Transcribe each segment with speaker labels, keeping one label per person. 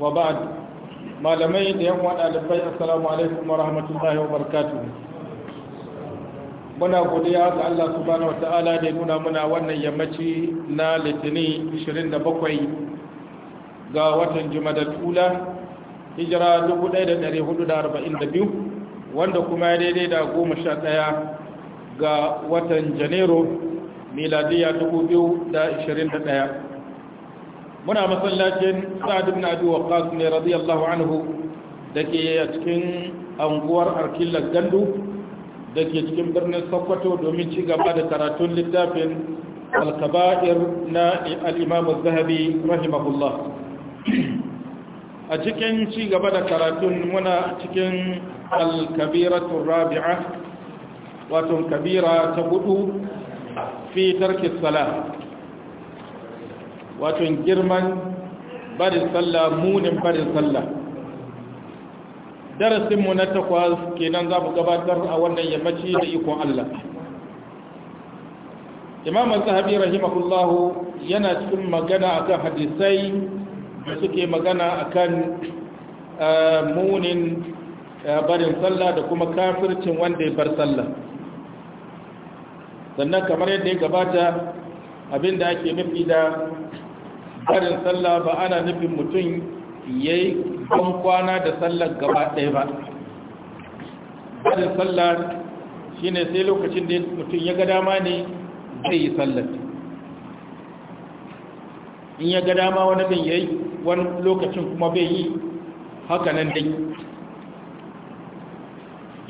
Speaker 1: wa ba'd malamai da yan wada dalibai assalamu alaikum wa rahmatullahi wa barakatuh muna godiya ga Allah subhanahu wataala da ya nuna muna wannan yammaci na litinin 27 ga watan jumada tula hijira 1442 wanda kuma ya daidai da 11 ga watan janairu miladiya 2021 muna masallacin sa'ad ibn abi waqqas ne radiyallahu anhu dake a cikin anguwar arkilla gandu dake cikin birnin sokoto domin ci gaba da karatun littafin al-kaba'ir na al-imam az-zahabi rahimahullah a cikin ci gaba da karatun muna cikin al-kabiratu rabi'a wato kabira ta hudu fi tarki salat wato girman barin sallah munin barin sallah darasinmu na takwas kenan za mu gabatar a wannan yammaci da ikon Allah imam sahabi rahimahullahu yana cikin magana akan hadisai da suke magana akan eh, munin eh, barin sallah da kuma kafircin wanda ya bar sallah sannan kamar yadda ya gabata abinda ake nufi da Karin sallah ba ana nufin mutum ya yi ban kwana da sallar gaba ɗaya ba Karin sallah shi ne sai lokacin da mutum ya ga dama ne zai yi sallar in ya ga dama wani bin ya yi wani lokacin kuma bai yi haka nan dai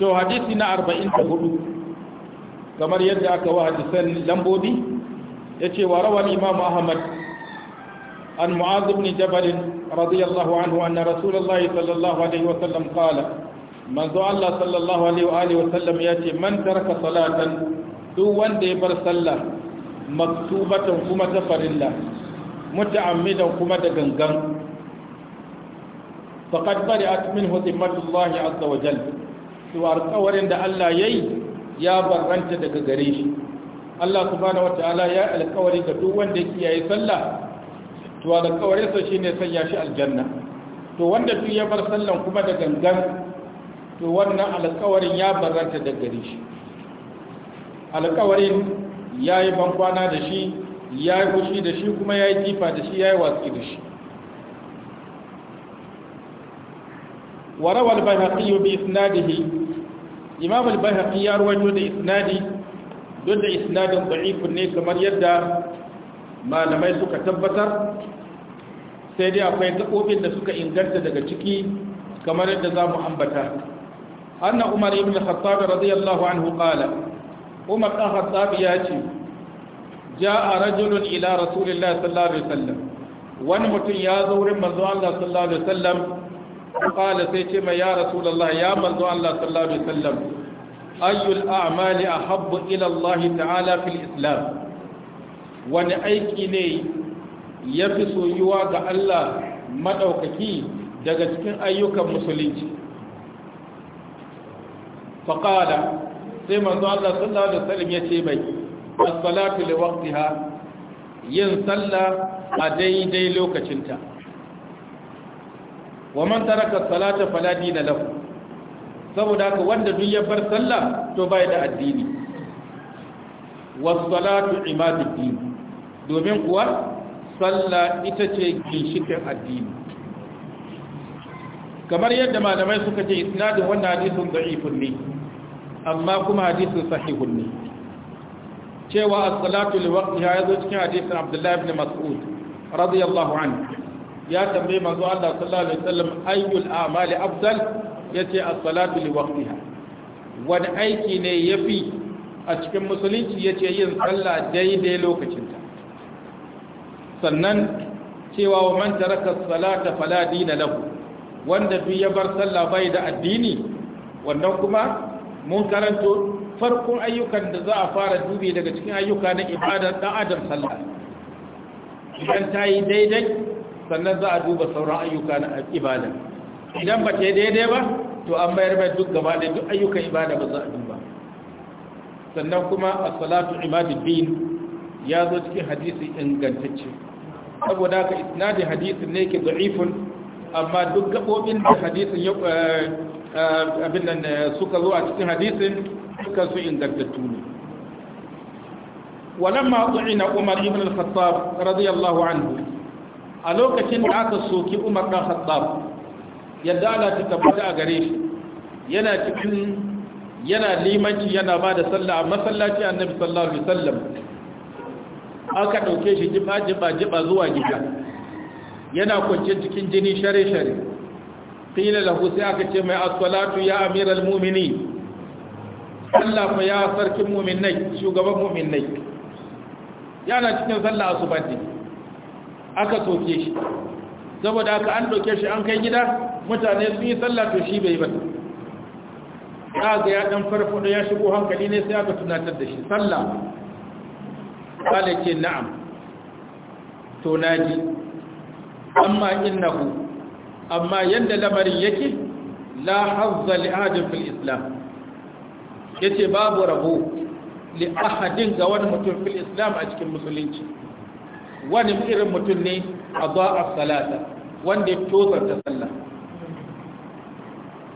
Speaker 1: to hadisi na 44 kamar yadda aka wa hadisan lambobi ya ce wa rawar imam ahmad عن معاذ بن جبل رضي الله عنه أن رسول الله صلى الله عليه وسلم قال من سأل الله صلى الله عليه وآله وسلم يأتي من ترك صلاة دو وندي بر صلى مكتوبة كما تفر الله متعمدا كما تغنغن فقد برئت منه ذمة الله عز وجل سوار قورن ده الله يي يا برنت دغ غريش الله سبحانه وتعالى يا القوري ده دو وندي كياي صلى to alƙawarinsa shi ne sanya shi aljanna to wanda duk ya bar sallan kuma da gangan to wannan alƙawarin ya baranta da gari shi alƙawarin ya yi bankwana da shi ya yi kushi da shi kuma ya yi jifa da shi ya yi watsi da shi وروى البيهقي بإسناده إمام البيهقي يروي da isnadi دون إسناد ضعيف ne kamar yadda malamai suka tabbatar sai dai akwai gaɓoɓin da suka inganta daga ciki kamar yadda za mu ambata anna umar ibn khattab radiyallahu anhu qala umar dan khattab ya ce ja'a rajulun ila rasulillahi sallallahu alaihi wasallam wani mutum ya zo wurin manzo Allah sallallahu alaihi wasallam qala sai ce mai ya rasulullahi ya manzo Allah sallallahu alaihi wasallam ayyul a'mali ahabbu ila Allah ta'ala fil islam wani aiki ne ya fi soyuwa ga Allah maɗaukaki daga cikin ayyukan musulunci faƙada sai manzo Allah sallallahu alaihi wasallam ya ce mai as-salatu li waqtiha yin sallah a daidai lokacinta wa man taraka as-salata fala dina lahu saboda haka wanda duk ya bar sallah to bai da addini was-salatu imaduddin domin kuwa sallah ita ce ginshikin addini kamar yadda malamai suka ce isnadin wannan hadisin da'ifun ne amma kuma hadisin sahihun ne cewa a salatu li waqtiha zo cikin hadisin Abdullahi ibn Mas'ud radiyallahu anhu ya tambayi manzo Allah sallallahu alaihi wasallam ayyul a'mali afdal yace as-salatu li wani aiki ne yafi a cikin musulunci yace yin sallah daidai lokacinta sannan cewa wa man taraka salata fala dina lahu wanda duk ya bar sallah bai da addini wannan kuma mun karanto farkon ayyukan da za a fara dubi daga cikin ayyuka na ibadar dan adam sallah idan ta yi daidai sannan za a duba sauran ayyuka na ibada idan ba ta daidai ba to an bayar mai duk gaba da duk ayyukan ibada ba za a duba sannan kuma as-salatu imaduddin ya zo cikin hadisi ingantacce saboda ka isnadi hadisin ne ke da'ifun amma duk gabobin da hadisin ya eh, eh, abin nan eh, suka zo a cikin hadisin suka su ingantattu ne walamma tu'ina umar ibn al-khattab radiyallahu anhu a lokacin da aka soki umar dan khattab yadda Allah ta tabbata a gare shi yana cikin yana limanci yana ba da sallah a masallaci annabi sallallahu alaihi wasallam aka ɗauke shi jiba-jiba zuwa gida yana kwanci cikin jini share-share fiye da sai aka ce mai asalatu ya amiral mumini sallafa ya sarkin muminai shugaban muminai yana cikin sallah asubanni aka soke shi saboda aka an ɗauke shi an kai gida mutane sun yi sallah to shi bai ba ya ga ya ɗan farfado ya shigo hankali ne sai aka tunatar da shi sallah kala ce na'am to naji amma innahu amma yadda lamarin yake la hazza li ahadin fil islam yace babu rabo li ahadin ga wani mutum fil islam a cikin musulunci wani irin mutum ne a za'a salata wanda ya tozar ta sallah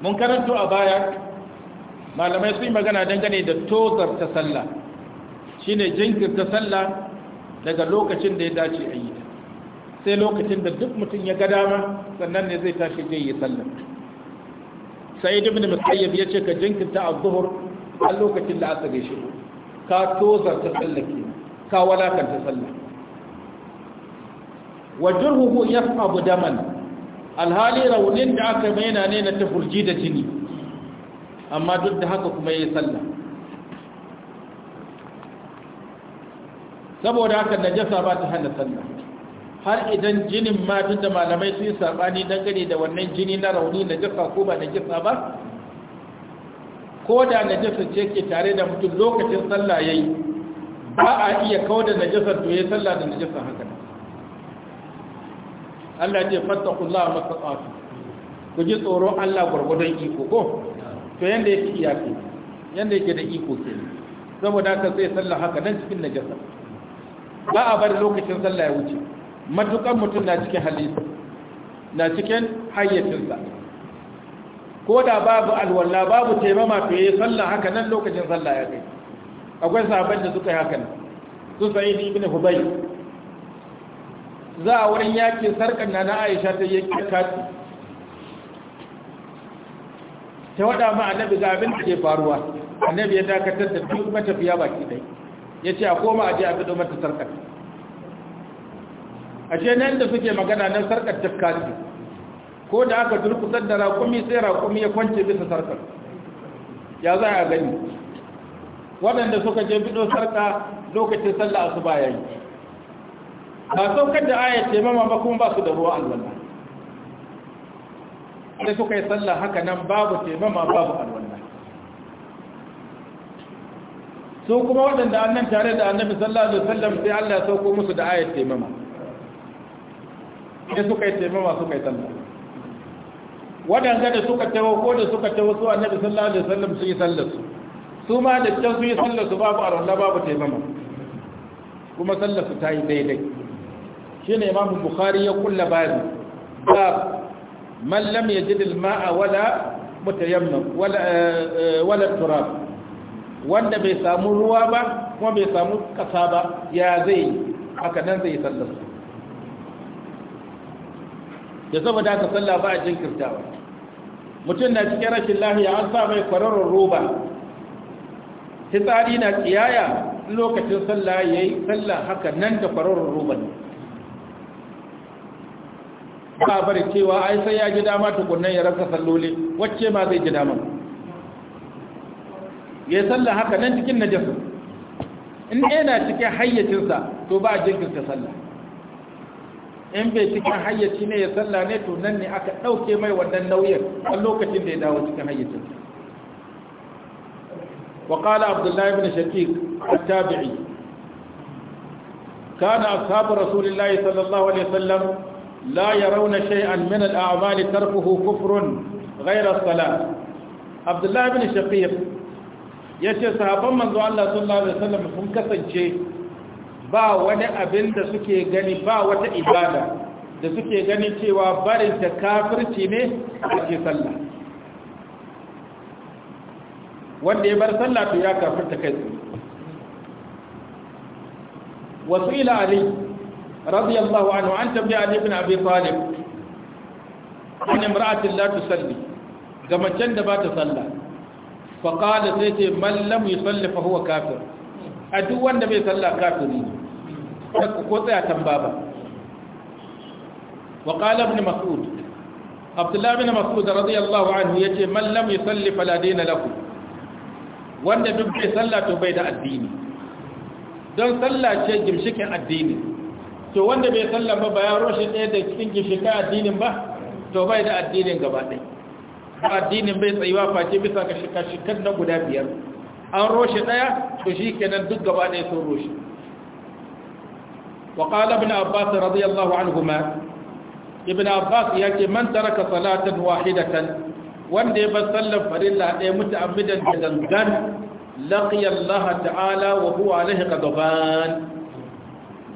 Speaker 1: mun karanto a baya malamai sun yi magana dangane da tozar ta sallah Shi ne jinkirta sallah daga lokacin da ya dace a yi ta sai lokacin da duk mutum ya gada ma sannan ne zai tashi zai yi sallah sai ibn musayyib ya ce ka jinkirta a zuhr a lokacin da aka gaishe ka tozarta sallah ke ka ta sallah wa jurhuhu yas'abu daman alhali raunin da aka maina ne na tafurji da jini amma duk da haka kuma yi sallah saboda haka najasa ba ta hana sallah har idan jinin ma da malamai sun sabani dangane da wannan jini na rauni najasa ko ba najasa ba ko da najasa ce ke tare da mutum lokacin sallah yayi ba a iya kawo najasa to yayi sallah da najasa haka Allah ce fattakullaha masaqat ku ji tsoro Allah gurgudan iko ko to yanda yake iyaki yanda yake da iko kenan saboda haka sai sallah haka nan cikin najasa ba a bari lokacin sallah ya wuce matukan mutum na cikin halitta na cikin hayyacinsa ko da babu alwallah babu taimama to yi sallah haka nan lokacin sallah ya kai akwai sahabban da suka yi hakan su ni ibn hubay za a wurin yakin sarkan na na aisha ta yi kati ta wada ma annabi ga abin da ke faruwa annabi ya dakatar da duk matafiya baki ɗaya ya ce a koma a je a fito mata sarkar a ce nan da suke magana nan sarkar ta ce ko da aka durkusar da rakumi sai rakumi ya kwance bisa sarkar ya za a gani waɗanda suka je fito sarka lokacin sallah su ba yi ba saukar da ayat ce mama ba kuma ba su da ruwa alwala sai suka yi sallah haka nan babu ce mama babu alwala su kuma waɗanda annan tare da annabi sallallahu alaihi wasallam sai Allah ya sauko musu da ayat taimama sai suka yi taimama suka yi sallah waɗanda da suka tawo ko da suka tawo su annabi sallallahu alaihi wasallam su yi sallar su su ma da can su yi sallar su babu arwala babu taimama kuma sallar su ta yi daidai shine imamu bukhari ya kulla Bari? bab man lam yajid al-ma'a wala mutayammam wala eh, eh, wala turab wanda bai samu ruwa ba kuma bai samu kasa ba ya zai haka nan zai sallar su da saboda sallah ba a ba mutum na cikin rashin lahiya an sa mai kwararar roba fitsari na tsiyaya lokacin sallah ya yi sallah haka nan da kwararar roba ne ba bari cewa ai sai ya ji dama tukunan ya rasa salloli wacce ma zai ji dama ya sallah haka nan cikin najasa in yana cikin hayyacinsa to ba a jinkirta sallah in bai cikin hayyaci ne ya sallah ne to nan ne aka ɗauke mai wannan nauyin a lokacin da ya dawo cikin hayyacinsa وقال عبد الله بن شقيق التابعي كان أصحاب رسول الله صلى الله عليه وسلم لا يرون شيئا من الأعمال تركه كفر غير الصلاة عبد الله بن شقيق ya ce sahabban manzo Allah sallallahu alaihi wasallam sun kasance ba wani abin da suke gani ba wata ibada da suke gani cewa barin da kafirci ne ake sallah wanda ya bar sallah to ya kafirta kai tsaye wasu ila ali radiyallahu anhu an tabi ali bin abi talib an imra'atin la tusalli ga macen da ba ta sallah faƙada sai ce mallam yi sallafa huwa kafir a duk wanda bai salla kafin ne ko tsaya tamba ba waƙala bin mas'ud abdullahi bin mas'ud radiyallahu anhu yace mallam yi sallafa la laku, wanda duk bai salla to bai da addini don salla ce gimshikin addini to wanda bai salla ba ya roshe ɗaya da cikin gimshikin addinin ba to bai da addinin gaba addinin bai tsayuwa face bisa ga shika-shikan na guda biyar an roshe daya to shi kenan duk gaba ɗaya sun roshe wa qala ibn abbas radiyallahu anhuma ibn abbas yake man taraka salatan wahidatan wanda ya bar sallar farilla ɗaya muta'ammidan da gangan laqiya Allah ta'ala wa huwa alaihi qadaban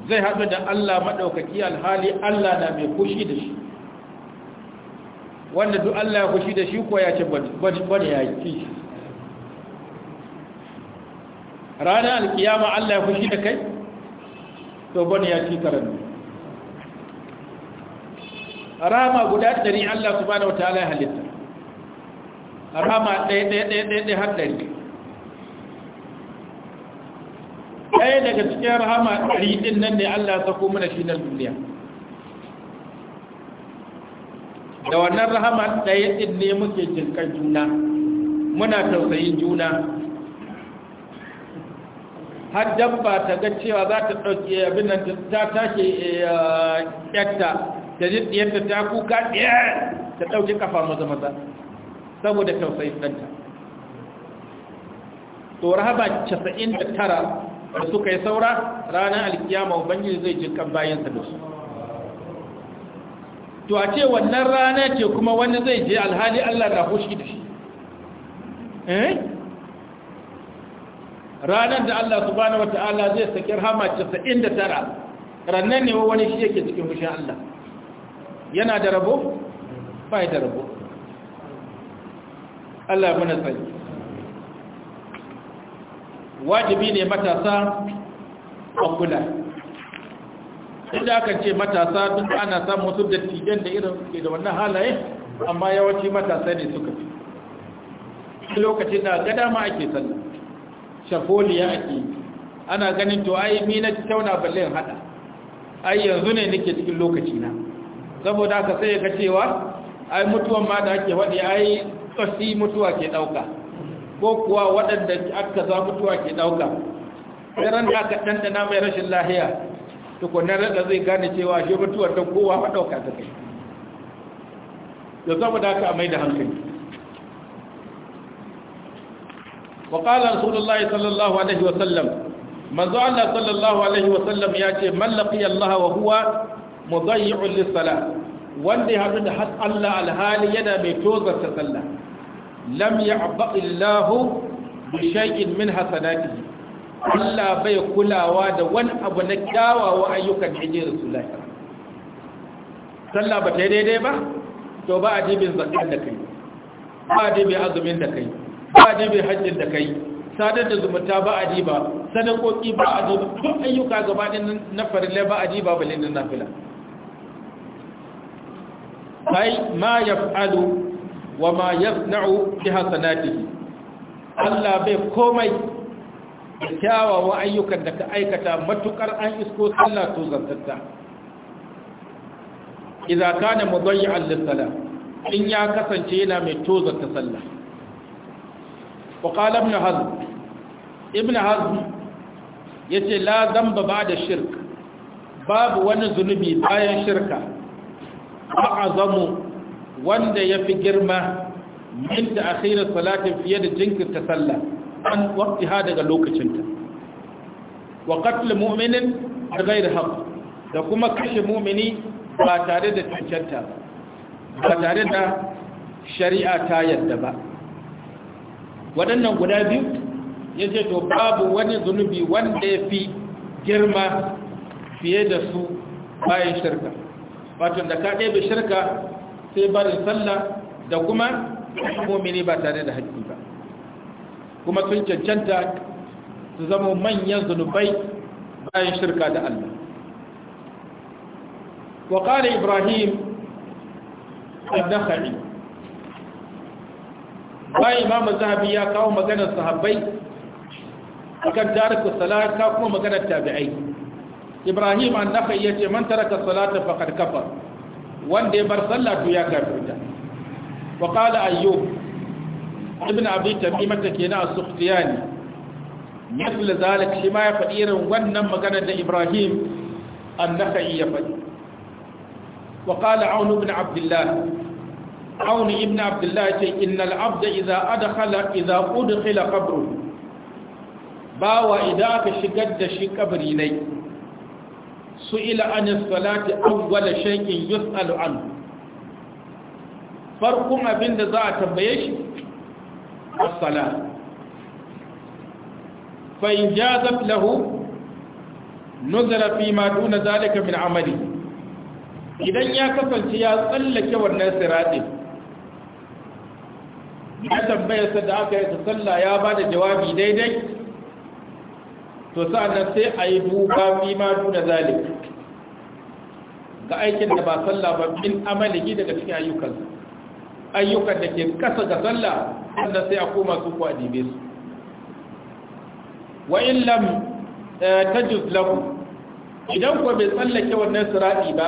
Speaker 1: zai haɗu da Allah madaukaki alhali Allah na mai kushi da shi wanda duk Allah ya kushi da shi ko ya ce bane ya yi ranar alkiyama Allah ya kushi da kai to bane ya ci karan rama guda dari Allah subhanahu wataala ya halitta rama ɗaya ɗaya ɗaya har ɗari ɗaya daga cikin rahama ɗari ɗin nan ne Allah ya sako mana shi na duniya da wannan rahama ɗaya ɗin ne muke jinkan juna muna tausayin juna har dabba ta ga cewa za ta ɗauki abin da ta tashi eh, yadda da yadda ta kuka ɗaya eh, ta ɗauki kafa maza maza saboda tausayin ɗanta to rahama casa'in da tara da suka yi saura ranar alkiyama ubangiji zai jinkan bayansa da su to a ce wannan rana ce kuma wani zai je alhali Allah na hushi da shi eh ranar da Allah subhanahu wata'ala zai saki rahama 99 rannan ne wani shi yake cikin hushin Allah yana da rabo bai da rabo Allah muna sai wajibi ne matasa a kula duk da aka ce matasa duk ana samun da dattijan da irin ke da wannan halaye amma yawanci matasa ne suka fi lokacin da gada ma ake sallah shafoliya ake yi ana ganin to ai mi na kyauna balle in hada ai yanzu ne nake cikin lokaci na saboda haka sai ka cewa ai mutuwan ma da ake wadi ai tsasi mutuwa ke dauka ko kuwa waɗanda aka za mutuwa ke dauka sai ran da aka dandana mai rashin lahiya tukunan rada zai gane cewa shi mutuwar ta kowa maɗauka ta kai da saboda haka a mai da hankali wa qala rasulullahi sallallahu alaihi wa sallam manzo Allah sallallahu alaihi wa sallam ya ce man Allah wa huwa mudayyi'un lis-salah wanda ya hadu da har Allah alhali yana mai tozarta sallah lam ya'ba illahu bi shay'in min hasanatihi Allah bai kulawa da wani abu na kyawawa ayyukan da yake lai. sallah ba ta daidai ba to ba a jibin zakar da kai ba a jibin azumin da kai ba a jibin hajjin da kai sadar da zumunta ba a diba sadakoki ba a zo duk ayyuka gabanin na farile ba a diba balin na fila. sai ma yaf'alu wa ma na'u ki hasanatihi Allah bai komai da kyawawan ayyukan da ka aikata matukar an isko sallah to zantatta idza kana mudayyi'an lis-salah in ya kasance yana mai tozarta sallah wa qala ibn hazm ibn hazm yace la ba ba'da shirk babu wani zunubi bayan shirka a'azamu wanda yafi girma min ta'khir salati fiye da jinkirta sallah an ha daga lokacinta wa qatl mu'minin ghayr haqq da kuma kashe mu'mini ba tare da cancanta ba tare da shari'a ta yadda ba waɗannan guda biyu ya ce to babu wani zunubi wanda ya fi girma fiye da su bayan shirka batun da ka ɗebe shirka sai barin sallah da kuma mumini ba tare da haƙƙi ba kuma sun cancanta su zama manyan zunubai bayan shirka da Allah wa ibrahim an-nakhai bayan imam zahabi ya kawo maganar sahabbai kan tariku salata kuma maganar tabi'ai ibrahim an-nakhai yace man taraka salata faqad kafar wanda ya bar Sallatu ya kafirta ta. qala ayyub ibn abi tamimata kenan as-sufyani misal zalik shi ma ya faɗi irin wannan magana da ibrahim an-nakhai ya faɗi wa qala aun ibn abdullah aun ibn abdullah ce innal abda idza adkhala idza udkhila qabruhu bawa idan aka shigar da shi kabari ne su ila an salati awwala shay'in yus'alu an farkon abinda za a tambaye shi الصلاة فإن جازت له نزل فيما دون ذلك من عمله idan ya kasance ya tsallake wannan siratin ya tambayarsa da aka yi sallah ya ba da jawabi daidai to sa'annan sai a yi duba fi ma duna zalik ga aikin da ba sallah ba min amaligi daga cikin ayyukan ayyukan da ke kasa ga sallah wanda sai a koma su ku a dibe su wa in lam eh, tajuz lahu idan ko bai tsallake wannan sirati ba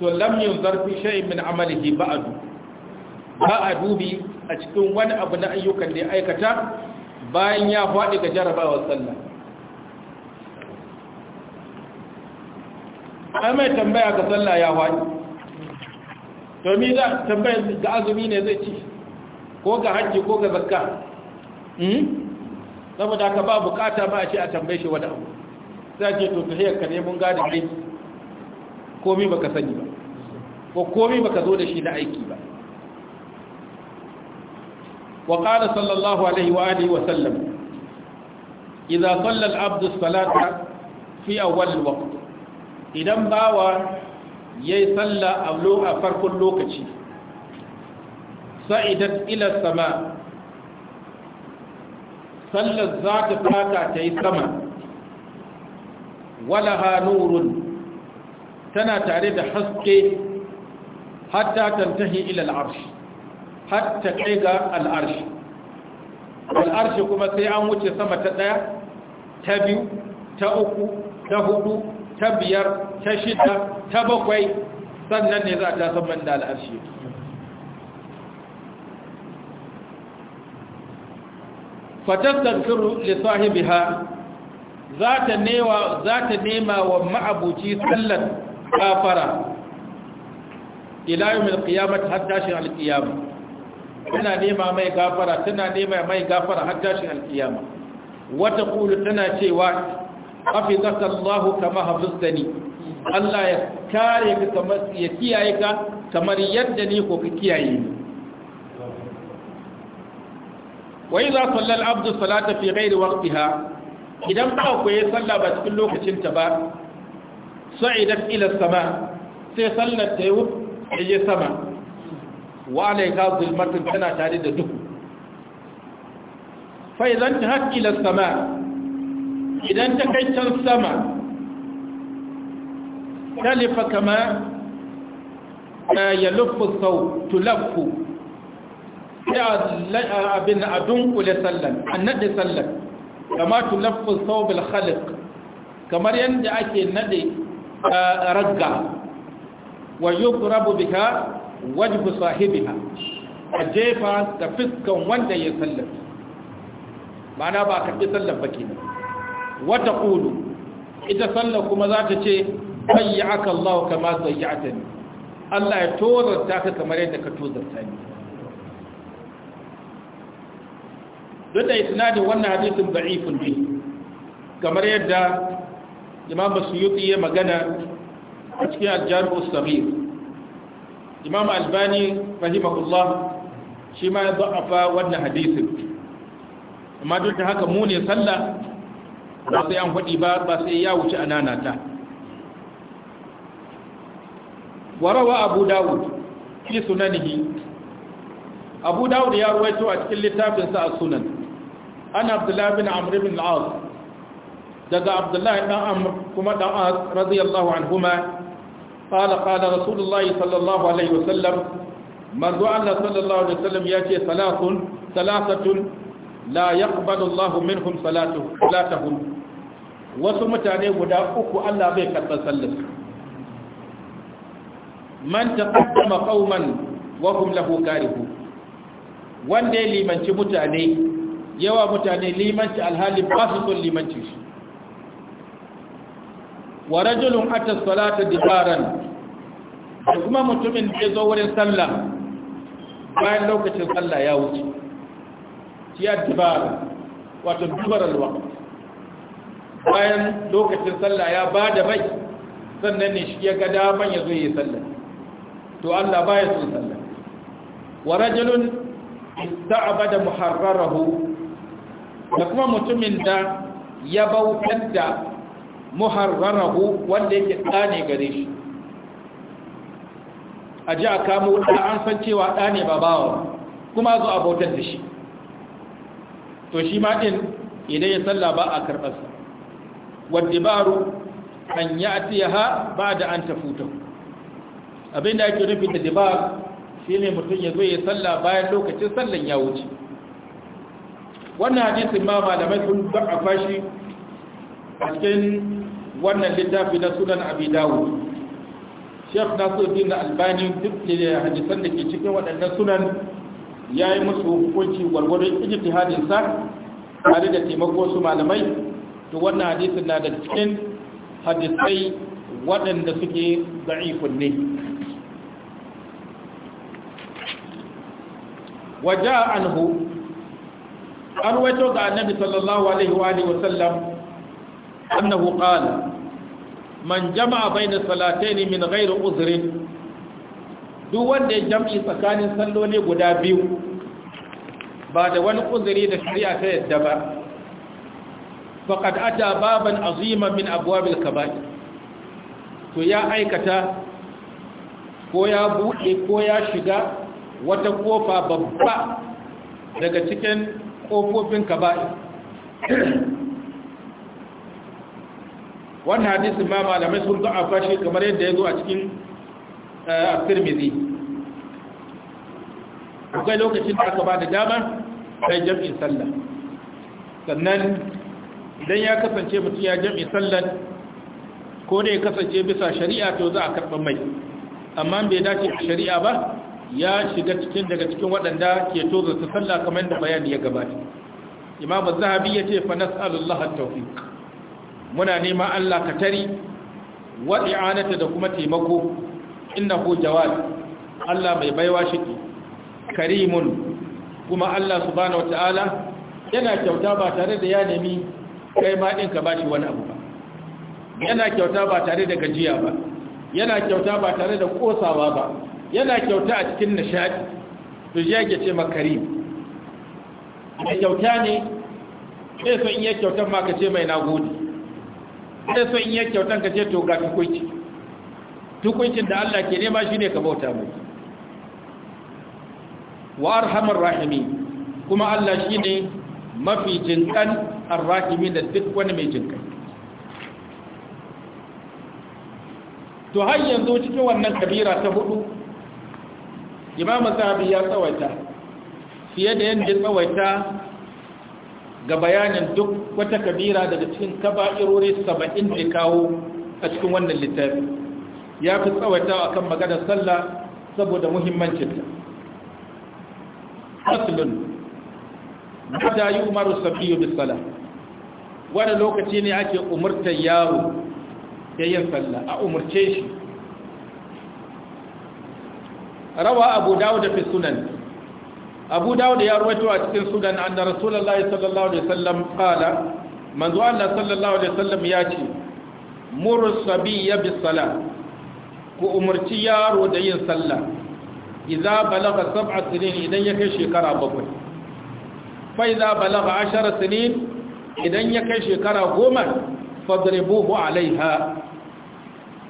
Speaker 1: to lam yunzar zarfi shay'in min amalihi ba'du ba a dubi a cikin wani abu na ayyukan da ya aikata bayan ya faɗi ga jarabawa sallah ai mai tambaya ga sallah ya faɗi domin za tambaya ga azumi ne zai ci ko ga hajji ko ga zakka hmm? saboda ka ba bukata ma a ce a tambaye shi wani abu sai ce to tahiyar ka ne mun gane ne komi baka sani ba ko komi baka zo da shi na aiki ba wa qala sallallahu alaihi wa alihi wa sallam idza salla al-abdu as-salata fi awwal al-waqt idan bawa yayi salla a farkon lokaci sa'idat ila sama sallar za ta fata ta yi sama walaha nurun tana tare da haske hatta tantahi ila al'arshi hatta kai ga al'arshi al'arshi kuma sai an wuce sama ta ɗaya ta biyu ta uku ta hudu ta biyar ta shida ta bakwai sannan ne za ta saman da al'arshi yake fatastaghfiru li sahibiha za ta newa nema wa ma'abuci sallar kafara ila yawmil qiyamati hatta shi al-qiyamah tana nema mai gafara tana nema mai gafara hatta shi al-qiyamah wa tana cewa hafizaka Allah kama hafiztani Allah ya kare ka ya kiyaye ka kamar yadda ni ko ka kiyaye ni wai za salla al'abdu salata fi ghairi waqtiha idan ba ku yi salla ba cikin lokacin ta ba sa'idat ila sama sai sallar ta yi je sama wa alayka zulmatun tana tare da duhu fa idan ta ila sama idan ta kai can sama talifa kama ya luffu sau tulaffu abin a dunkule sallan a naɗe sallan kama tulaffin saubin khalik kamar yadda ake naɗe ragga wa yi rabu biha wajibu sahibiha a jefa da fiskan wanda ya sallan ba na ba karɓi sallan baki ne wata ƙulu ita sallan kuma za ta ce bayyaka Allah kama zayyata ne Allah ya tozarta ka kamar yadda ka tozarta ne don da isnadin wannan hadisin da'ifun ne kamar yadda imam basuyuti ya magana a cikin aljaru sabir imam albani rahimahullah shi ma ya za'afa wannan hadisin amma duk da haka mu ne sallah ba sai an faɗi ba ba sai ya wuce a nanata. warawa abu dawud fi sunanihi abu dawud ya ruwaito a cikin littafinsa a sunan ana abdullahi bin amr bin al daga abdullahi dan Amur kuma dan as radiyallahu anhuma qala qala rasulullahi sallallahu alaihi wasallam manzo Allah sallallahu alaihi wasallam ce salatun salasatun la yaqbalu Allahu minhum salatuhum salatahum wasu mutane guda uku Allah bai karɓar sallar man taqaddama qauman wa hum lahu karihu wanda ya limanci mutane yawa mutane limanci alhali ba su son limanci shi wa rajulun atas salata dibaran da kuma mutumin da ya zo wurin sallah bayan lokacin sallah ya wuce ya dibara wato dubar alwa bayan lokacin sallah ya ba da bai sannan ne shi ya ga daman ya zo yi sallah to Allah ba ya son sallah wa rajulun ista'bada muharrarahu da kuma mutumin da ya bautar da muharrarahu wanda yake ɗane gare shi a ji a kamo da an san cewa ɗane ba bawa kuma zo a bautar da shi to shi ma ɗin idan ya salla ba a karɓarsa wadda baro an yi ba da an tafuta abinda ake nufi da dabar shi ne mutum ya zo ya salla bayan lokacin sallan ya wuce wannan hadisin ma malamai sun ba'afa shi a cikin wannan littafi na sunan abi dawud shekh nasiruddin albani duk da hadisan da ke cikin waɗannan sunan ya yi musu hukunci gwargwadon ijiti sa tare da taimakon su malamai to wannan hadisin na da cikin hadisai waɗanda suke da'ifun ne waja عنه an waito ga annabi sallallahu alaihi wa alihi wasallam annahu qala man jama'a baina salataini min ghairi uzrin duk wanda ya jam'i tsakanin salloli guda biyu ba da wani uzuri da shari'a ta yadda ba faqad ata baban azima min abwabil kaba'ir to ya aikata ko ya bude ko ya shiga wata kofa babba daga cikin ƙofofin ba’i wannan hadisin ma malamai sun ga fashe kamar yadda ya zo a cikin eh, asirmizi akwai lokacin da aka ba da dama sai jam'in sallah sannan idan ya kasance mutum ya jam'in sallah ko da ya kasance bisa shari'a to za a karɓar mai amma bai dace da shari'a ba ya shiga cikin daga cikin waɗanda ke tozo su sallah kamar da bayani ya gabata imam zahabi ya ce fa nas'alullah at-tawfiq muna nema Allah ka tari wa i'anata da kuma taimako innahu jawad Allah mai baiwa shi karimun kuma Allah subhanahu wataala yana kyauta ba tare da ya nemi kai ma din ka bashi wani abu ba yana kyauta ba tare da gajiya ba yana kyauta ba tare da kosawa ba yana kyauta a cikin nishadi to ya ke ce makari mai kyauta ne sai son iya kyautan ma ka ce mai nagode sai son iya kyautan ka ce to ga tukunci tukuncin da Allah ke nema shine ka bauta mai wa arhamar rahimi kuma Allah shine mafi jinkan arrahimi da duk wani mai jinkan to har yanzu cikin wannan kabira ta hudu imam zahabi ya tsawaita fiye da yadda ya tsawaita ga bayanin duk wata kabira daga cikin kaba'irori saba'in da kawo a cikin wannan littafi ya fi tsawaita a kan maganar sallah saboda muhimmancinta aslun da yi umaru safiyu bisala wani lokaci ne ake umurtar yaro ya yin sallah a umarce shi rawa abu dawud fi sunan abu dawud ya rawaito a cikin sunan anna rasulullahi sallallahu alaihi wasallam qala manzo Allah sallallahu alaihi wasallam ya ce muru sabiyya bis sala ku umarci yaro da yin sallah idza balaga sab'a sinin idan ya kai shekara bakwai fa idza balaga ashara sinin idan ya kai shekara goma fadribuhu alaiha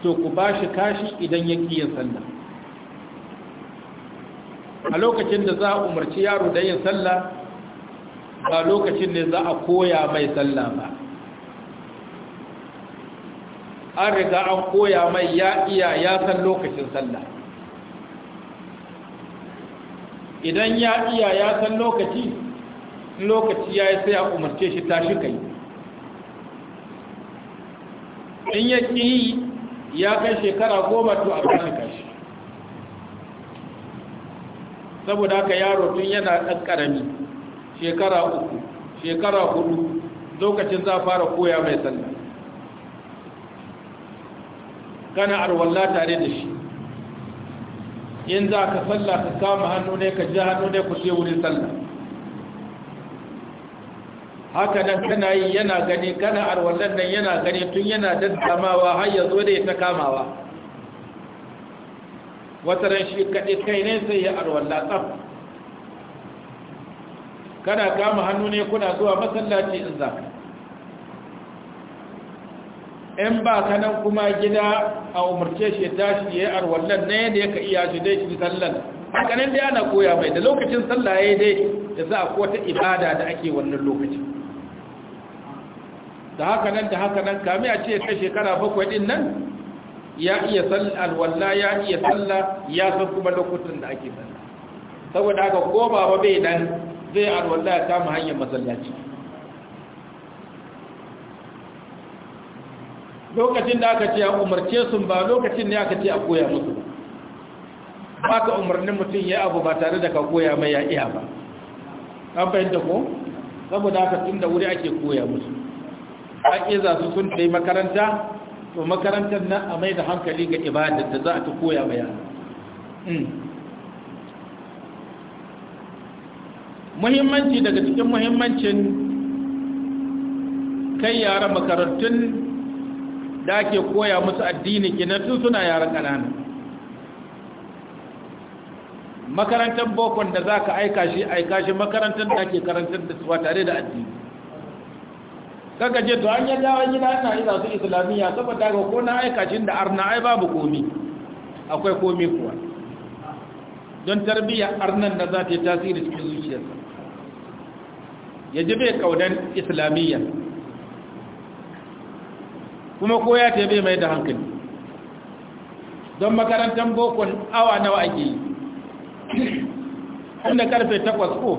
Speaker 1: to ku bashi kashi idan ya kiyin sallah a lokacin da za a umarci yaro da yin sallah ba lokacin ne za a koya mai sallah ba an riga an koya mai ya iya ya san lokacin sallah idan ya iya ya san lokaci lokaci ya yi sai a umarce shi tashi kai in ya ƙi ya kai shekara goma to a tashi saboda haka yaro tun yana ɗan ƙarami shekara uku shekara hudu lokacin za fara koya mai sallah kana arwalla tare da shi in za ka sallah ka kama hannu ne ka ji hannu ne ku ce wurin sallah haka nan kana yi yana gani kana arwallan nan yana gani tun yana daddamawa har ya zo da ya ta kamawa wataran shi kaɗe kai ne sai ya arwalla tsaf kana kama hannu ne kuna zuwa masallaci in za ka in ba ka nan kuma gida a umarce shi tashi ya arwallan na yadda yaka iya shi dai shi sallan hakanan dai ana koya mai da lokacin sallah ya dai da za a wata ibada da ake wannan lokacin da haka nan da haka nan kami a ce kai shekara bakwai din nan ya iya sallar walla ya iya salla ya san kuma lokutan da ake salla saboda haka ko baba bai dan zai alwalla ya samu hanyar masallaci lokacin da aka ce a umarce sun ba lokacin ne aka ce a koya musu ba ba ka umarnin mutum ya abu ba tare da ka koya mai ya iya ba an fahimta ko saboda haka tun da wuri ake koya musu iya za su sun makaranta. to makarantar nan a mai da hankali ga ibadar da za ta koya wa yara hmm. muhimmanci daga cikin muhimmancin kai yara makarantun da ake koya musu addini kenan tun suna yara ƙanana makarantar bokon da za ka aika shi aika shi makarantar da ake karantar da su tare da addini kaka je to an yi dawa yi ina ina su islamiyya saboda ga ko na aikacin da arna ai babu komi akwai komi kuwa don tarbiyya arnan da za ta yi tasiri cikin zuciyarsa ya ji bai kaudan islamiyya kuma koya ta bai mai da hankali don makarantar bokon awa nawa ake yi inda karfe takwas ko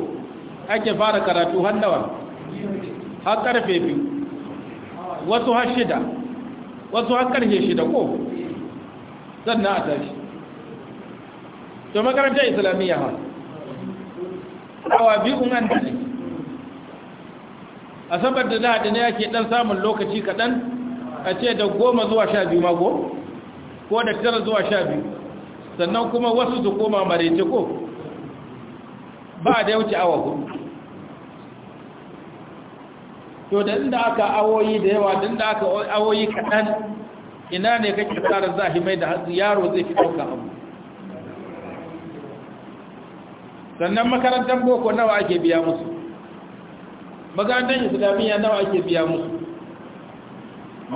Speaker 1: ake fara karatu hannawa har karfe biyu wasu har shida wasu har karfe shida ko sannan a tashi to makarantar islamiyya ha awa biyu an tashi a sabar da lahadi ne yake dan samun lokaci kaɗan a ce da goma zuwa sha biyu mago ko da tara zuwa sha biyu sannan kuma wasu su koma marece ko ba da yauci awa hudu to da inda aka awoyi da yawa da inda aka awoyi kaɗan ina ne kake tsara zahimai da yaro zai fi ɗauka abu sannan makarantar boko nawa ake biya musu makarantar islamiyya nawa ake biya musu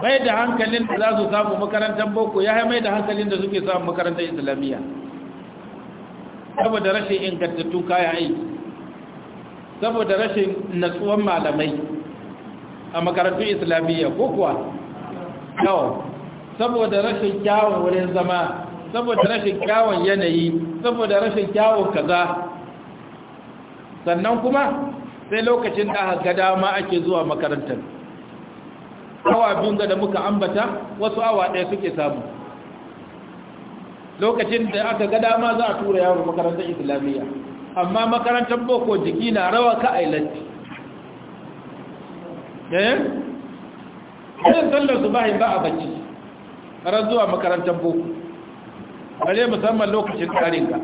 Speaker 1: mai da hankalin da za su samu makarantar boko ya mai da hankalin da suke samu makarantar islamiyya saboda rashin ingantattun kayan aiki saboda rashin natsuwan malamai a makarantun islamiyya ko kuwa yau saboda rashin kyawun wurin zama saboda rashin kyawun yanayi saboda rashin kyawun kaza sannan kuma sai lokacin da haka dama ake zuwa makarantar awa biyun da muka ambata wasu awa ɗaya suke samu lokacin da aka ga dama za a tura yawon makarantar islamiyya amma makarantar boko jiki na rawa ka ailanti eh irin sallar subahi ba a bacci har zuwa makarantar boko bare musamman lokacin karinka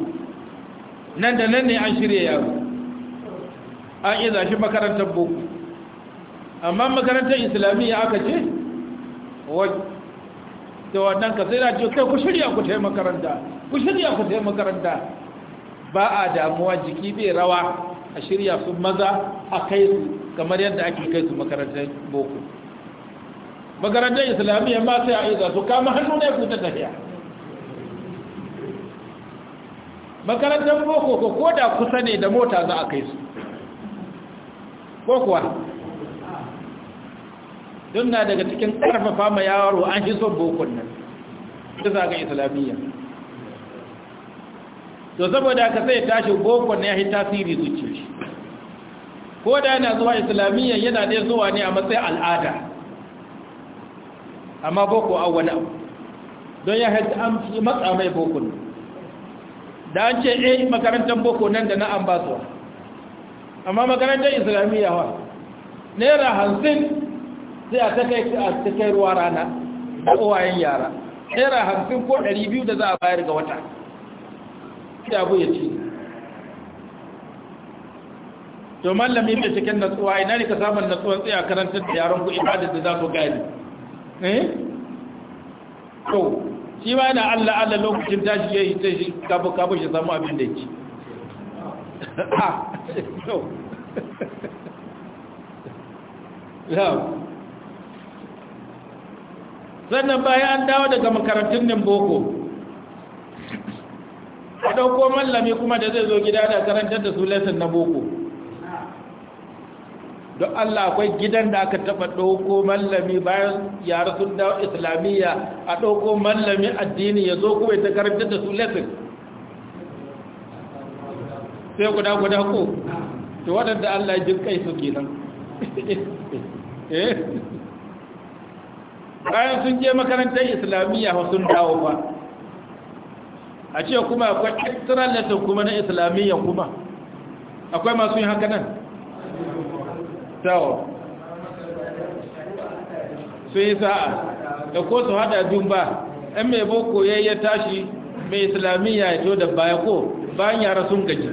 Speaker 1: nan da nan ne an shirya yaro an iya shi makarantar boko amma makarantar islamiyya aka ce wai da wannan ka sai na ce kai ku shirya ku ta makaranta ku shirya ku ta makaranta ba a damuwa jiki bai rawa a shirya su maza a kai su kamar yadda ake kai su makarantar boko makarantar islamiyya ma sai a iza su kama hannu ne ku ta tafiya makarantar boko ko koda kusa ne da mota za a kai su kokowa don na daga cikin karfafa ma yaro an shi son bokon nan bisa ga islamiyya to saboda ka sai tashi bokon ne ya yi tasiri zuciya shi ko da yana zuwa islamiyya yana ɗaya zuwa ne a matsayin al'ada amma boko a wani abu don ya haiti an matsa mai boko ne da an ce eh makarantar boko nan da na an ba zuwa amma makarantar islamiyya wa naira hamsin sai a ta kai a ta kai ruwa rana da kowayen yara naira hamsin ko ɗari biyu da za a bayar ga wata ya bu ya ci to mallami da cikin natsuwa ina ne ka samun natsuwa tsaya karantar da yaron ku ibada da za ku gani eh to shi ba na Allah Allah lokacin tashi ya yi tashi kabu kabu shi samu abin da yake ha to sannan bayan an dawo daga makarantun nan boko a ɗauko mallami kuma da zai zo gida da karantar da su lesson na boko don Allah akwai gidan da aka taɓa ɗauko mallami bayan yara sun dawo islamiyya a ɗauko mallami addini ya zo kuma ta karanta da su lesson sai guda guda ko to waɗanda Allah jin kai su kenan eh? bayan sun je makarantar islamiyya ba sun dawo ba a ce kuma akwai extra lesson kuma na islamiyya kuma akwai masu yin haka nan tawo
Speaker 2: sun yi sa'a da ko su hada
Speaker 1: biyun ba ɗan mai boko ya yi tashi mai islamiyya ya to da baya ko bayan yara sun gaji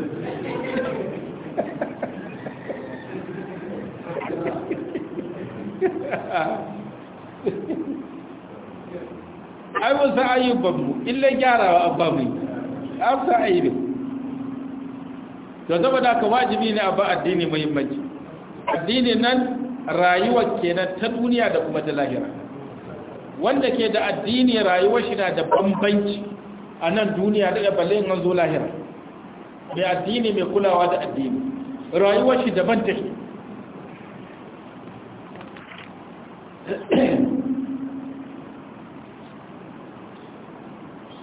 Speaker 1: ai wasu babu illa a abba mai afta ne da saboda ka wajibi ne a ba addini muhimmanci Addini nan rayuwar kenan ta duniya da kuma ta lahira wanda ke da addini rayuwar shi na da bambanci a nan duniya da balle in an zo lahira mai addini mai kulawa da addini rayuwar shi daban take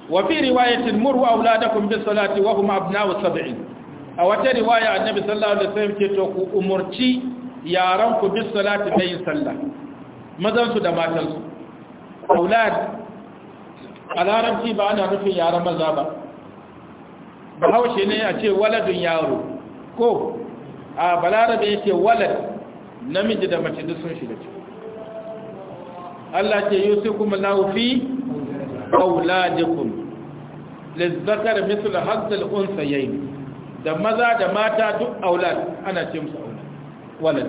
Speaker 1: وفي رواية abu أولادكم بالصلاة وهم أبناء السبعين riwaya annabi sallallahu alaihi wasallam ke to ku umarci. yaran ku bi salati da yin sallah mazan su da matan su aulad a larabci ba ana nufin yaran maza ba bahaushe ne a ce waladun yaro ko a balarabe yake walad namiji da mace duk sun shi. ciki Allah ce yusukum lahu fi auladikum lizzakar mithlu hazzal unsayayn da maza da mata duk aulad ana ce musu aulad walad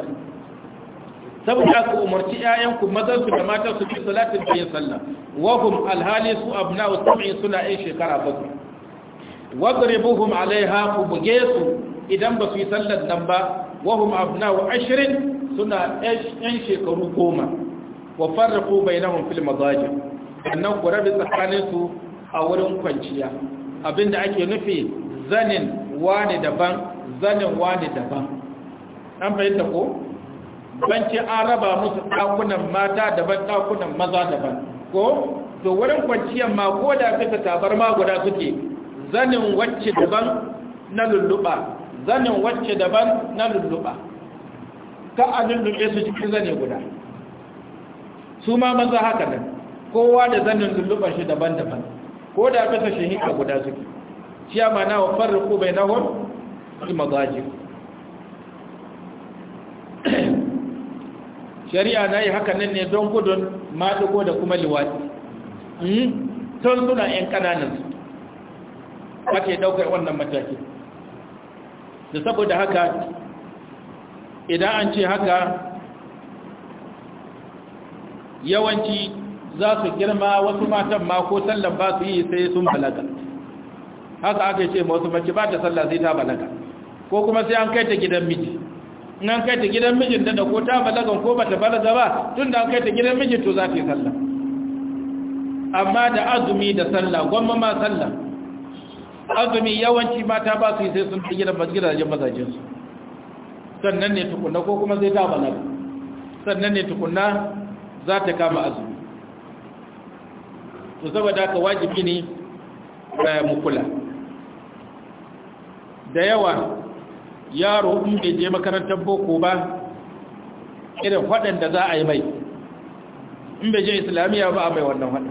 Speaker 1: saboda ku umarci ƴaƴanku mazan su da matan su bi salatin da yin sallah wa hum alhali su abna'u sab'i suna yin shekara wa wadribuhum alaiha ku buge su idan ba su yi sallar nan ba wa hum abna'u 20 suna 'yan shekaru goma wa farqu bainahum fil madajir annan ku rabi tsakanin su a wurin kwanciya abinda ake nufi zanin wani daban zanin wani daban an bayyana ko ban ce an raba musu ɗakunan mata daban ɗakunan maza daban ko to wurin kwanciyar ma ko da suka tabar ma guda suke zanin wacce daban na lulluɓa zanin wacce daban na lulluɓa ka a lulluɓe su cikin zane guda su ma maza haka nan kowa da zanin lulluɓa shi daban-daban ko da bisa shi hinka guda suke ciyama na wa farriku bai nahon ilmazajin shari'a na yi haka nan ne don gudun maɗugo da kuma liwati hmm? tun suna 'yan ƙananan su ake ɗaukar wannan mataki da saboda haka idan an ce haka yawanci za su girma wasu matan ma ko sallan ba su yi sai sun balaga haka aka ce wasu mace ba ta sallan sai ta balaga ko kuma sai an kai ta gidan miji in an kai ta gidan mijin da ko ta balaga ko bata balaga ba tun da an kai ta gidan mijin to za ta yi sallah amma da azumi da sallah gwamma ma sallah azumi yawanci mata ba su yi sai sun fi gidan gidajen mazajensu sannan ne tukunna ko kuma zai ta balaga sannan ne tukunna za ta kama azumi to saboda ka wajibi ne eh, mu kula da yawa yaro in bai je makarantar boko ba irin waɗanda za a yi mai in bai je islamiyya ba a mai wannan waɗin